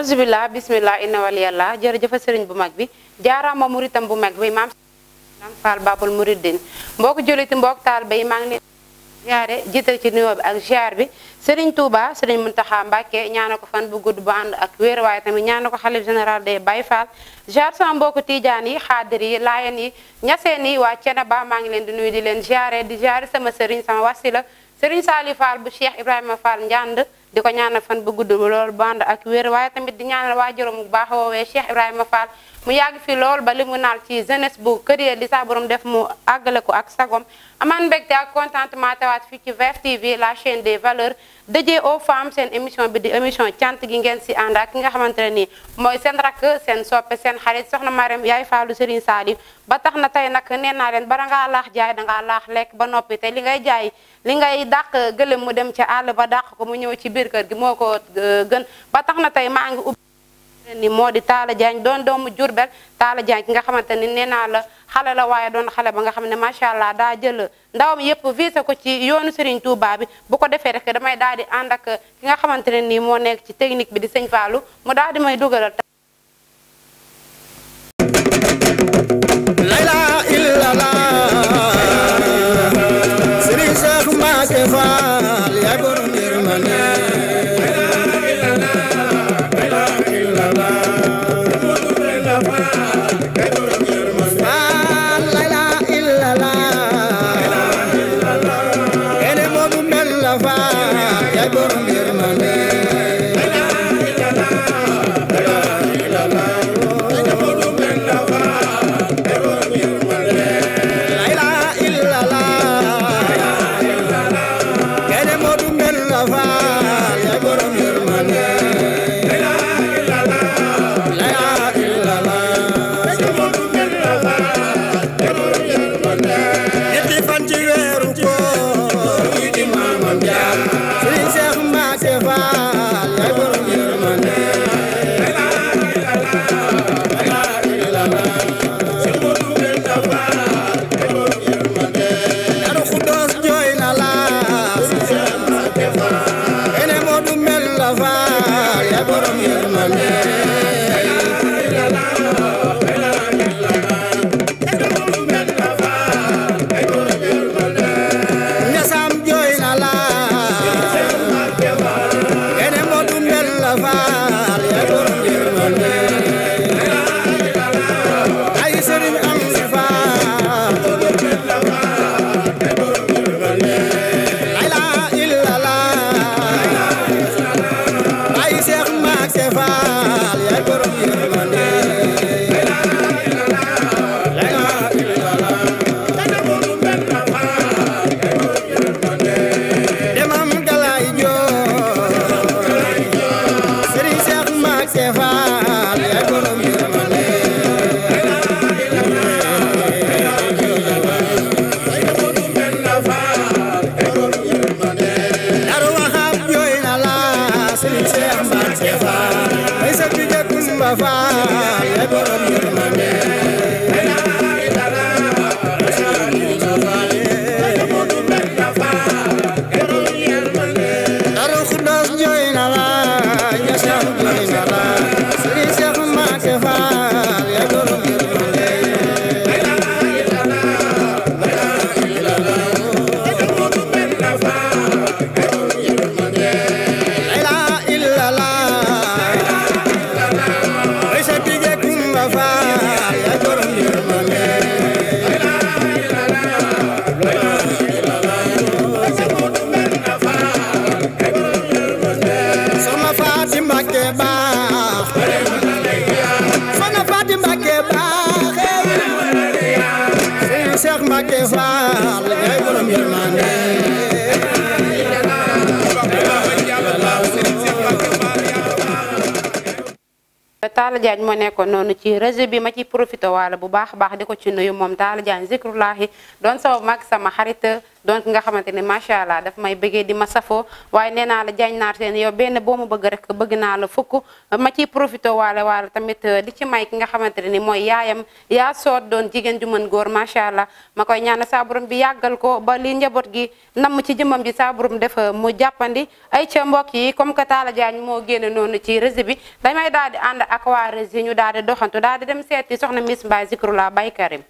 auzubillah bismillah inna waliyallah jërëjëfa sëriñ bu mag bi jaaraama muritam bu mag bi maam Lam Fall Babul Mouridine mbokk julliti mbokk taalibe yi maa ngi leen ziare jiital ci nuyoo ak ziar bi Serigne Touba Serigne muntaha mbake ñaana ko fan bu gudd bu ànd ak wér waaye tamit ñaana ko xalif général des Baye Fall ziar sama mbokk Tidiane yi xaadir yi Laayeen yi Ñaseen yi waa Cenaba maa ngi leen di nuyu di leen ziare di ziare sama Serigne sama wasila Serigne Saliou fal bu Cheikh Ibrahima fal Ndiand di ko ñaanal fan bu gudd lool bu ak wér waaye tamit di ñaanal waajuram bu baax woowee Cheikh Ibrahima Fall mu yàgg fi lool ba li mu naal ci jeunesse bu kër li saa borom def mu àggale ko ak sagoom amaan mbégte ak contentement tewaat fii ci VFtv la chaîne des valeurs dédié o femmes seen émission bi di émission cant gi ngeen si ànd ak ki nga xamante ne nii mooy seen rakk seen soppe seen xarit soxna Marème yaay Fallou Serigne Saliou ba tax na tey nag nee naa leen bara ngaa laax jaay dangaa laax lekk ba noppi te li ngay jaay li ngay dàq gëléem mu dem ca àll ba dàq ko mu ñëw ci biir kër gi moo ko euh, gën ba tax na tey maa ngi ubbi xamante ni moo di Talla Diagne doon doomu Jurbel taala Diagne ki nga xamante ni nee naa la xale la waaye doon xale ba nga xam ne macha allah daa jël ndawam yëpp visé ko ci yoonu Serigne Touba bi bu ko defee rek damay daal di ànd ak ki nga xamante ne nii moo nekk ci technique bi di sëñ Fallou mu daal di may dugalal. Talla Diagne moo nekkoon noonu ci réseau bi ma ci profité waala bu baax a baax di ko ci nuyu moom Talla Diagne zikrullahi doon sama mag sama xarit donc nga xamante ne macha allah daf may bëggee di ma safoo waaye nee naa la jaañ naar seen yow benn boo ma bëgg rek bëgg naa la fukk ma ciy profité waale waale tamit eh, di ci may ki nga xamante ne ni mooy yaayam yaa soot doon jigéen ju mën góor macha allah ma koy ñaanal saa bi yàggal ko ba li njaboot gi nam ci jëmmam ji saa borom def eh, mu jàppandi ay ca mbokk yi comme que taala jaañ moo génne noonu ci réseau bi damay daal di ànd ak waa ñu daal di doxantu daal di dem seeti soxna Miss Mbaye Zikroullah Bay Karim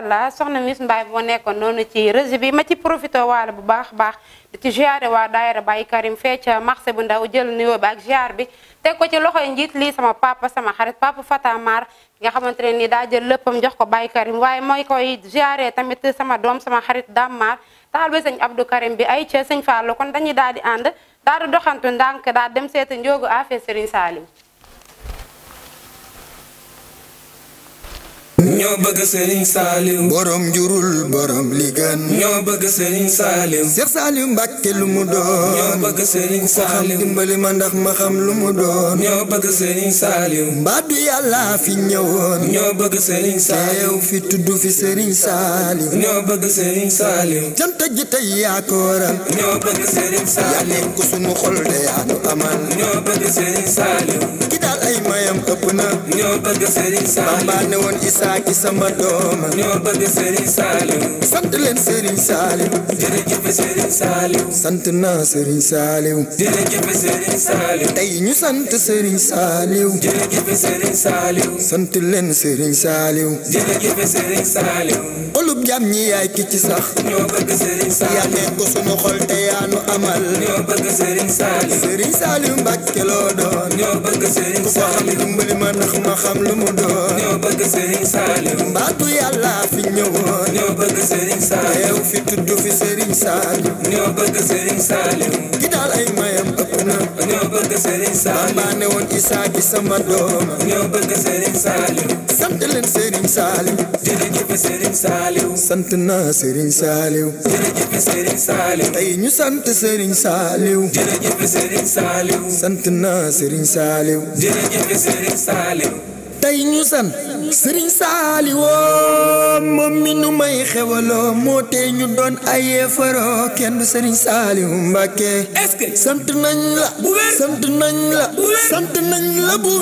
macha allah soxna Miss Mbaye boo nekkoon noonu ci réseau bi ma ci profité waar bu baax baax di ci ziare waa daayira Baye Karim fee ca marché bu ndaw jël nuyoo bi ak ziar bi teg ko ci loxoy njiit lii sama papa sama xarit papa Fata Mar nga xamante ne nii daa jël léppam jox ko Baye Karim waaye mooy koy ziare tamit sama doom sama xarit Dame Mar taal ba sëñ Abdou Karim bi ay ca sëñ Fallou kon dañuy daal di ànd daal di doxantu ndànk daal dem seeti njóogu affaire Serigne Saliou ñoo bëgg Serigne Saliou borom njurul borom li gën ñoo bëgg Serigne Saliou Cheikh Saliou Mbacke lu mu doon ñoo bëgg Serigne Saliou dimbali ma ndax ma xam lu mu doon ñoo bëgg Serigne Saliou mbaadu yàlla fi ñëwoon ñoo bëgg Serigne Saliou fi tudd fi Serigne Saliou ñoo bëgg Serigne Saliou jant ji tey yaa ko waral ñoo bëgg Serigne Saliou yaa nekk sunu xol de yaa ko amal ñoo bëgg Serigne Saliou ki daal ay mayam ëpp na ñoo bëgg Serigne Saliou ma ne woon Isaaki sama dooma ñoo bëgg Serigne Saliou sant leen Serigne Saliou jërëjëf Serigne Saliou sant naa Serigne Saliou jërëjëf Serigne Saliou tey ñu sant Serigne Saliou jërëjëf Serigne Saliou sant leen Serigne Saliou jërëjëf Serigne Saliou xolub jàmm ñi yaay ki ci sax ñoo bëgg Serigne Saliou yaa ne ko sunu xol te yaa nu amal ñoo bëgg Serigne Saliou Serigne Saliou Mbàkke loo doon ñoo bëgg Serigne Saliou ku ko xam dimbali ma ndax ma xam lu mu doon ñoo bëgg Serigne Saliou mbaatu yàlla fi ñëwoon ñoo bëgg Serigne Saliou teew fi tudd fi Serigne Saliou ñoo bëgg Serigne Saliou ki daal ay mayam ëpp na ñoo bëgg Serigne Saliou baa ne woon Isaa gi sama doom ñoo bëgg Serigne Saliou sant leen Serigne Saliou jërëjëf Serigne Saliou sant naa Serigne Saliou jërëjëf Serigne Saliou tey ñu sant Serigne Saliou jërëjëf Serigne Saliou sant naa Serigne Saliou jërëjëf Serigne Saliou tey ñu san sëriñ saaliwoo moom mi nu may xewaloo moo ñu doon ay yeefaroo kenn du sëriñ saaliwu mbàkke que sant nañ la bu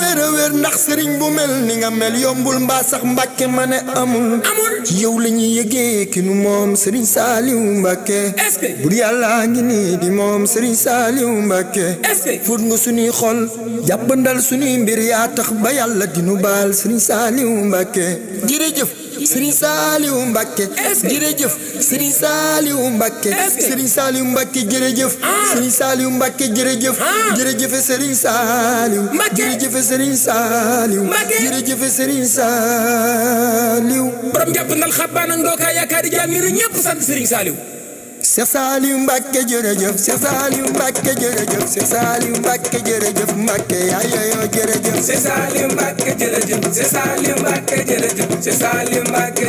ndax sëriñ bu mel ni nga mel yombul sax mbàkke ma ne yow la ñuy ki nu moom sëriñ saaliwu mbàkke bur yàllaa ngi nii di moom sëriñ saaliwu mbàkke fóot nga suñuy xol jàppandal suñuy mbir yaa tax ba yàlla dinu baa Fall Serigne Saliou Mbacké jërëjëf Serigne Saliou Mbacké jërëjëf Serigne Saliou Mbacké Serigne Saliou Mbacké jërëjëf Serigne Saliou Mbacké jërëjëf jërëjëf Serigne Saliou jërëjëf Serigne Saliou jërëjëf Serigne Saliou borom jàpp ndal xabaana ndooka yaakaari jaamiru ñépp sant Serigne Saliou Cheikh Saliou Mbacké jërëjëf Cheikh Saliou Mbacké jërëjëf Cheikh Saliou Mbacké jërëjëf Mbacké yaa yooyoo jërëjëf Cheikh Saliou Mbacké jërëjëf Cheikh Saliou Mbacké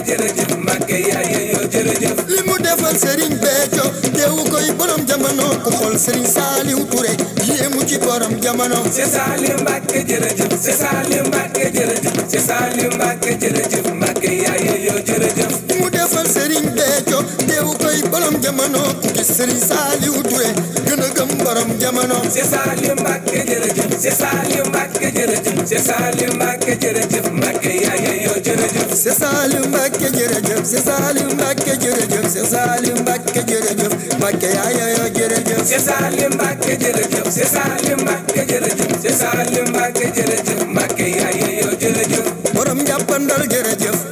jërëjëf li mu defal Serigne Béthio teewu koy borom jamono ku xool Serigne Saliou yéemu ci borom jamono Cheikh Saliou Mbacké jërëjëf Cheikh Saliou Mbacké jërëjëf Cheikh Saliou Mbacké jërëjëf Mbacké yaa yooyoo jërëjëf mu defal Serigne borom jamono di sëriñ Saliou Touré gën a gëm borom jamono c'est Saliou Mbacké jërëjëf c'est Saliou Mbacké jërëjëf c'est Saliou Mbacké jërëjëf Mbacké yaay yow jërëjëf c'est Saliou Mbacké jërëjëf c'est Saliou Mbacké jërëjëf c'est Saliou Mbacké jërëjëf Mbacké yaay yow jërëjëf c'est Saliou Mbacké jërëjëf c'est Saliou Mbacké jërëjëf c'est Saliou Mbacké jërëjëf Mbacké yaay yow jërëjëf borom jàppandal jërëjëf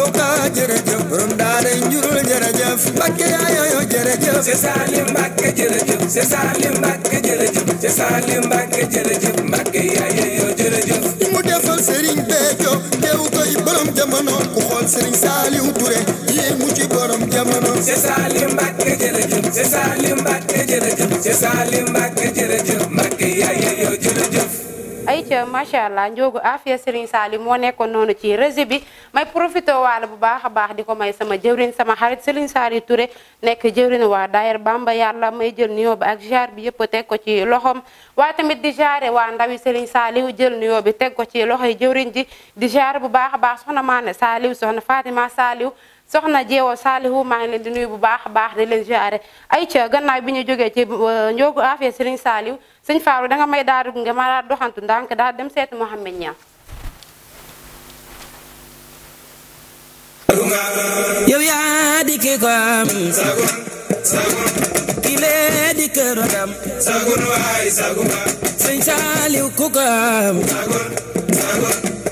yow ba jërëjëf borom daara njurul jërëjëf Mbàkke yaa yoo jërëjëf c'est Salim Mbàkke jërëjëf c'est Salim Mbàkke jërëjëf c'est Salim Mbàkke jërëjëf Mbàkke yaa yoo jërëjëf mu defal Serigne Béthio teew koy borom jamono ku xool Serigne macha allah njoogu afiya Serigne Sali moo nekkoon noonu ci régie may profité waale bu baax a baax di ko may sama jëwrin sama xarit Serigne Sali Touré nekk jëwrin wa daayira Bamba yàlla may jël nuyoo bi ak jaar bi yëpp teg ko ci loxoom waa tamit di jaare waa ndawi Serigne Saliou jël nuyoo bi teg ko ci loxoy jëwrin ji di jaar bu baax a baax soxna Maane Saliou soxna Fatima Saliou soxna Jeewo Saalihu maa ngi leen di nuyu bu baax a baax di leen ziare ay ca gannaaw bi ñu jógee ci euh, njoogu affaire Serigne Saaliw sëñ Faaru da may daal nga ma daal doxantu ndànk daal dem seeti Mouhamed Niang. yow yaa di ki ko am ki lee di këram sagun waay sagun sëñ Saaliw ku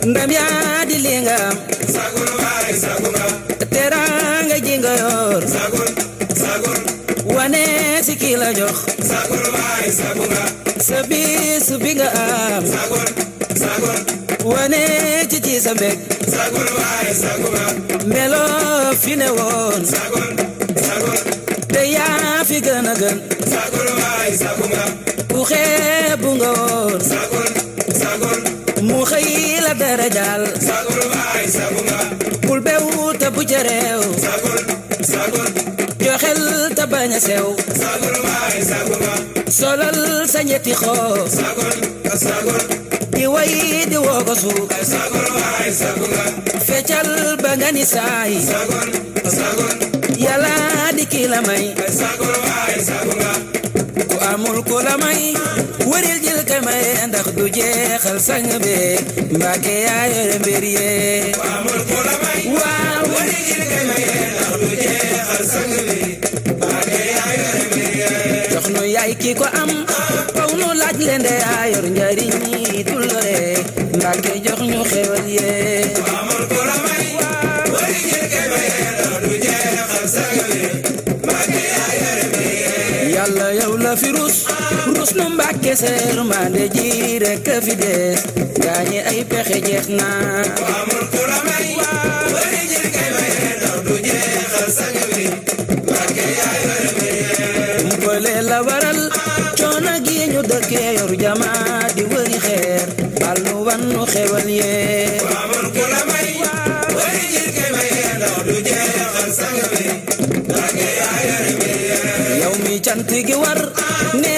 ndam yaa di li am. sagul waay sagul teraanga ji nga sagul sagul. wane si jox. sagul waay sagul la. sa nga am. sagul sagul. ci ci sa sagul waay sagul la. fi ne woon. sagul sagul. te yaa fi gën sagul waay sagul la. xeebu nga woon. sagul sagul. xëy la dara jaal. sagul waay sagu nga. bul beewu te bu jëreew. sagul sagul. joxel te bañ a sew. sagul waay sagu nga. solal sa ñetti xoo. sagul sagul. di way di woo ko suuf. sagul waay sagu nga. feccal ba nga ni saay. sagul sagul. yàlla di kii la may. sagul waay sagu nga. amul ku la may wëril jël ka maye ndax du jeexal sang sang be mbaake yaa yore jox nu yaay ki ko am faw nu laaj leen de njariñ yi dul lore mbaake jox ñu xewal yee nga fi rus rus nu mbàkke seer mande ji rekk fi des gaañe ay pexe jeex na amul ku la may wari jël kay maye ndax du jeexal sang bi mbàkke yaay wara maye mbële la waral coono gi ñu dëkkee yor jama di wëri xeer bal nu wan nu xewal yee amul ku la may wari jël kay maye ndax du jeexal sang bi mbàkke yaay wara maye yow mi cant gi war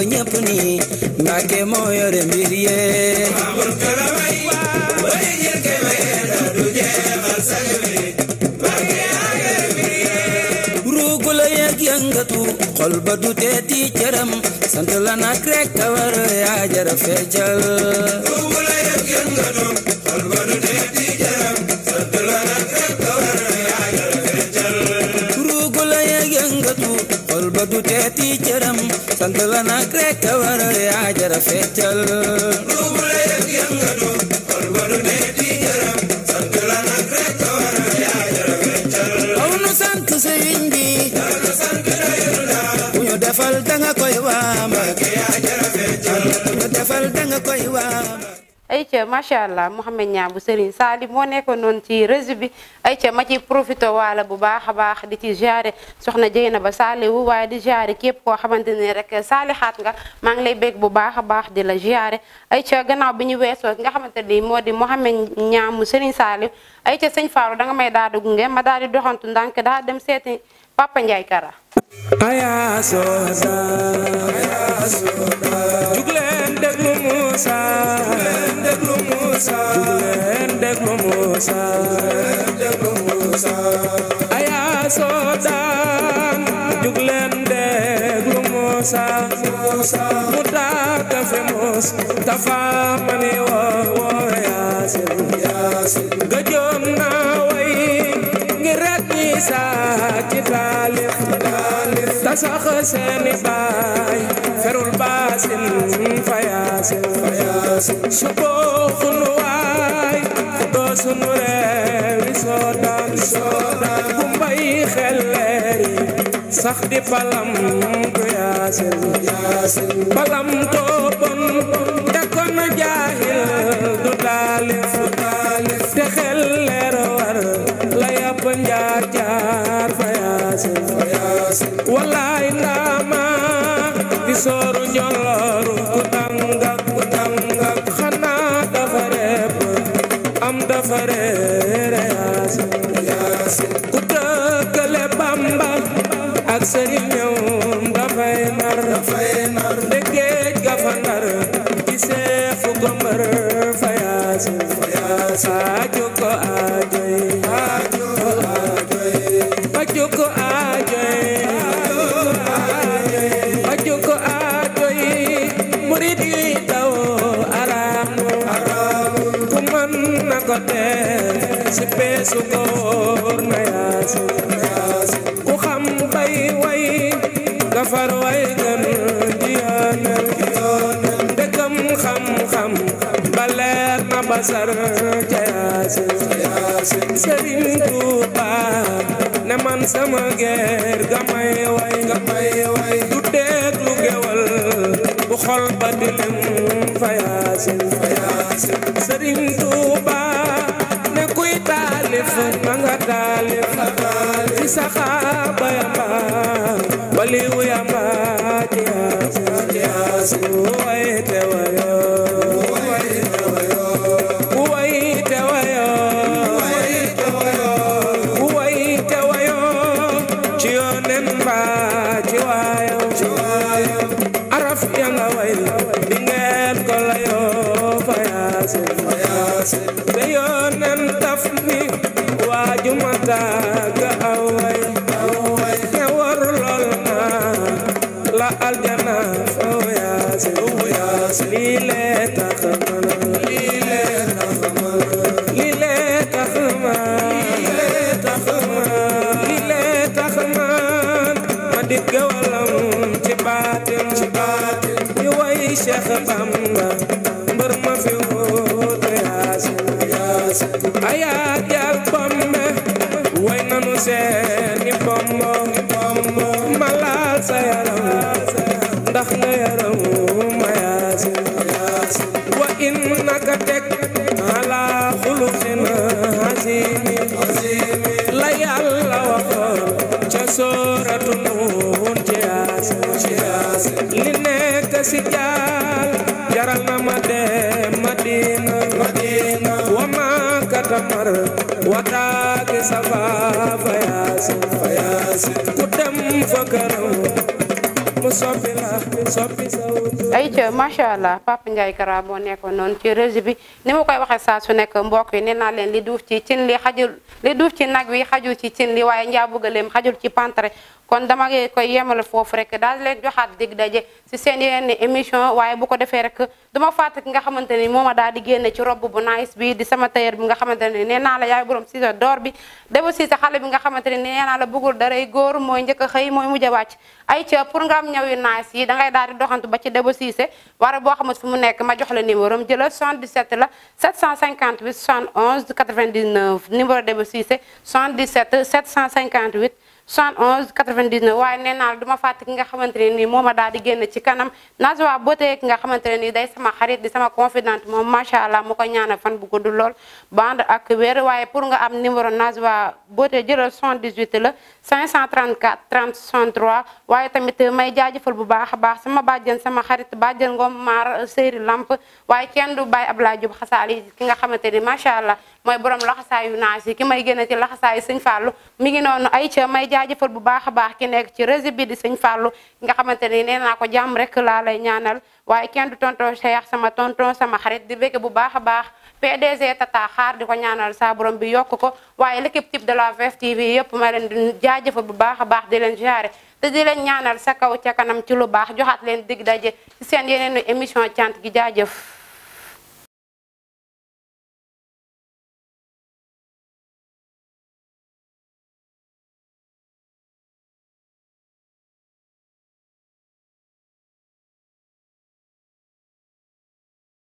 ba ñëpp nii Mbàkke moo yore mbir yee ruugu la yëg yëngatu xol ba du teeti cëram sant la nak rekk a war yaa jara feccal ruugu la yëg yëngatu feccal lu mu la yëg yëngatu xol ba du dee di yaram sant la nag rek a waral jara feccal aw nu sant sëriñ bi yaa nu sant la yëru daa ku ñu defal danga koy waam ak yaa jara feccal ku ñu defal danga koy waam ay ca macha allah Mouhamed Niang bu Serigne Sali moo nekkoon noonu ci réseau bi ca ma ci profité waala bu baax a baax di ci jaare soxna na ba saali wu waaye di jaare képp koo xamante ni rek saalixaat nga maa ngi lay bég bu baax a baax di la jaare ay ca gannaaw bi ñu weesoo ki nga xamante ni moo di Mohamed Ñaamu Sëriñ Saaliw ay ca sëñ Faaru da nga may daa di gunge ma daal di doxantu ndànk daa dem seeti Papa Ndiaye Kara Ayaso, soosa jug leen déglu Moussa jug leen déglu Moussa déglu Moussa aya soodaan jug leen déglu Moussa mu taa kafe Moussa tafa mani woo woo Yaasin Yaasin ربي ساكي تالف تسخ سيني باي فرو الباسل فياسل شبوخ نواي قدوس نوري سودان سودان بمبي خلري sax di palam ko yaasin palam too bon te kon jaahil du taalif te xel leeroo wallaay ndama di sooru ñolooru ku tanga ku tanga xanaa dafa reeb am dafa reere yaasin ku dëkkale bamba ak sëriñ ñëwum dafay nar dafay nar ndeggeej ga fa nar di seefu ko fa yaasin fa yaasin ko si peesu góor na yaasin ku xam bay way nga far way gën di yoonal dëkkam xam-xam ba leer na basar ca yaasin sëriñ Tuuba ne man sama geer ga may way nga may way du déglu gewal bu xol ba di fa yaasin sëriñ Tuuba taalif a nga taalif ci saxaaba ya ma waliwu ya ma jiyaas jiyaas waye te wayo aljana foo lii lee tax ma ma lii lee tax ma lii lee tax ma ma way Cheikh Bamba nga teg ala xuluqin azim la yàlla waxoon ca sooratu nuun ci yaas li jaral madina madina safa ayca macha allah Papa Ndiaye Kara boo nekkoon noonu ci régie bi ni ma koy waxee saa su nekk mbokk yi nee naa leen li duuf ci ci nag wi xajul ci cin li waaye njaa bëggaleem xajul ci pantre kon dama koy yemal foofu rek daal leen joxaat dig daje si seen yeneen émission waaye bu ko defee rek duma fàtte ki nga xamante ni mooma daal di génne ci robb bu nice bi di sama tailleur bi nga xamante ne nee naa la yaay borom si sa door bi deba si sa xale bi nga xamante ne nee naa la bëggul daray góor mooy njëkk a a C'est le war ma jox la numéro 117, 77 la 758 71 99 numéro de 77 758 71 99 waaye nee naa du ma fàtte ki nga xamante ne nii moo ma daal di génn ci kanam Najwa Beauté ki nga xamante ne nii day sama xarit di sama confidente moom macha allah mu ko ñaanal fan bu du lool bande ak weer waaye pour nga am numéro Najwa Beauté jëlal 78 la 534 30 63 waaye tamit may jaajëfal bu baax a baax sama bàjjen sama xarit bàjjen ngoom maar séeri lamp waaye kenn du bàyyi Abdoulaye Diop xasaali ki nga xamante ni macha allah mooy borom laxasaayu naas yi ki may génne ci laxasaayu sëñ Fallou mi ngi noonu ay ca may jaajëfal bu baax a baax ki nekk ci réseau bi di sëñ Fallou nga xamante ne nee naa ko jàmm rek laa lay ñaanal waaye kenn du tonton Cheikh sama tonton sama xarit di békke bu baax a baax PDG Tata Xaar di ko ñaanal saa bi yokk ko waaye l'équipe type de la VFtv yëpp ma leen di jaajëfal bu baax a baax di leen jaare te di leen ñaanal sa kaw ca kanam ci lu baax joxaat leen dig daje ci seen yeneenu émission cant gi jaajëf